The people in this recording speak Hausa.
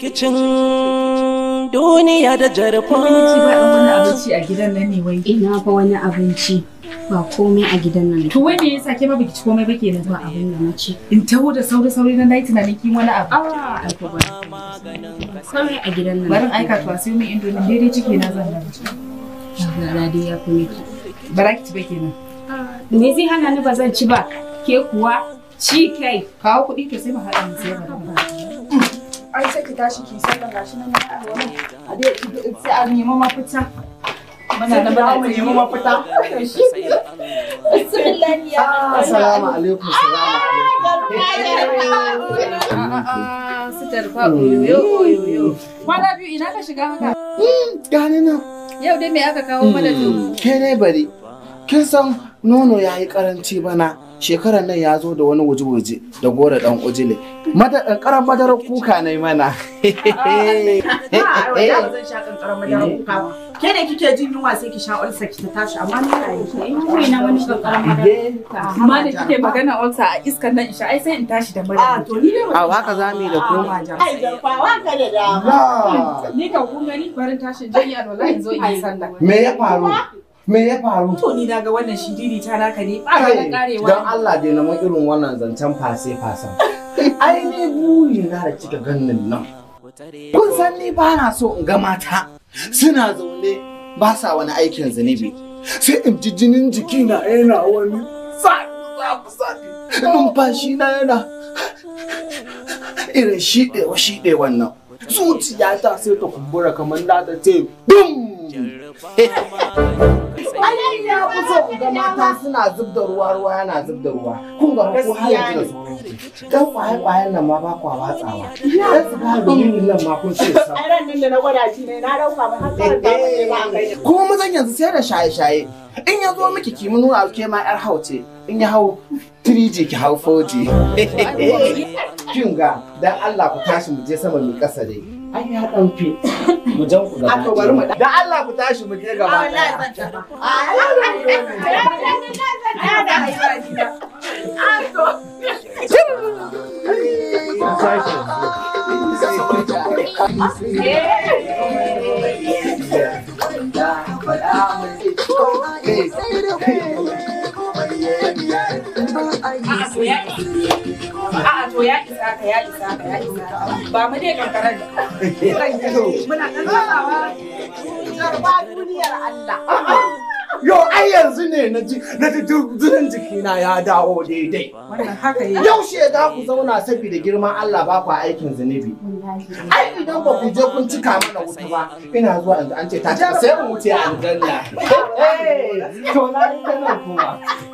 Rikicin duniya da jarfa. wani abinci a gidan nan ne wai. Ina fa wani abinci ba komai a gidan nan. To wai me yasa ke ba biki komai ba nan ba abin da nace. In taho da sauri sauri na nayi tunanin kin wani abu. Ah, ai ko ba. Sauri a gidan nan. Barin aika to sai mun indomi dai cike na zan nan. Gara dai ya kuma ki. Bara ci ba nan ne zai hana ni ba zan ci ba? Ke kuwa ci kai. Kawo kuɗi to sai mu haɗa mu sai ba ki tashi ki gashi nan na a dai sai a nemi mafita muna ba mu nemi mafita ya ah, assalamu alaikum assalamu alaikum kwana biyu ina ka shiga haka hmm, gani yau dai me aka kawo mana to hmm, ke ne bari kin san nono ya yi karanci bana shekarar nan ya zo da wani wuji-wuji da gora dan ujile eh, ƙaran madarar kuka ne mana ke da kike jin yunwa sai ki sha ulsa ki ta tashi amma ni na yi wai na wani karan madarar kuka amma da kike magana ulsa a iskan nan isha ai sai in tashi da mara a to ni ne a waka zami da ku ai da waka da dama ni ka kun gani barin tashin jayya wallahi zo in yi sallah me ya faru me ya faru to ni daga wannan shiriri ta naka ne ba ka karewa dan Allah dai na mun irin wannan zancen fase fasan ai ni buri na da kika gannin nan kun san ni ba na so in ga mata suna zaune ba sa wani aikin zunubi sai in ji jinin jiki na yana wani sa sa numfashi na yana irin shiɗe shiɗewan wannan. zuciya ta sai ta kumbura kamar da ta ce Ai ya fi so ga mata suna zub da ruwa ruwa yana zub da ruwa. Kun ga ko har yanzu da Dan kwaye kwayen nan ma ba kwa watsawa. Dan su ba da yin nan ma kun ce sa. ran nan da na gwada shi ne na dauka ba har ka da ba. Kuma zan yanzu sai da shaye shaye. in ya zo miki ki nuna ke ma yar hau ce in ya hau 3G ki hau 4G kin ga dan Allah ku tashi mu je sama mu kasa dai ai ya dan fi mu jan ku aka mu mu je gaba Allah A'a to ya A'a to Ba mu dai Allah. Yo ai yanzu ne na ji na jinin jikina ya dawo daidai. Yau sheda ku zauna saboda girman Allah ba ku aikin zunubi. Ai idan ba ku je kun cika mana wuta ba ina zuwa an ce ta ce sai mu wuce aljanna. To na ita kuma.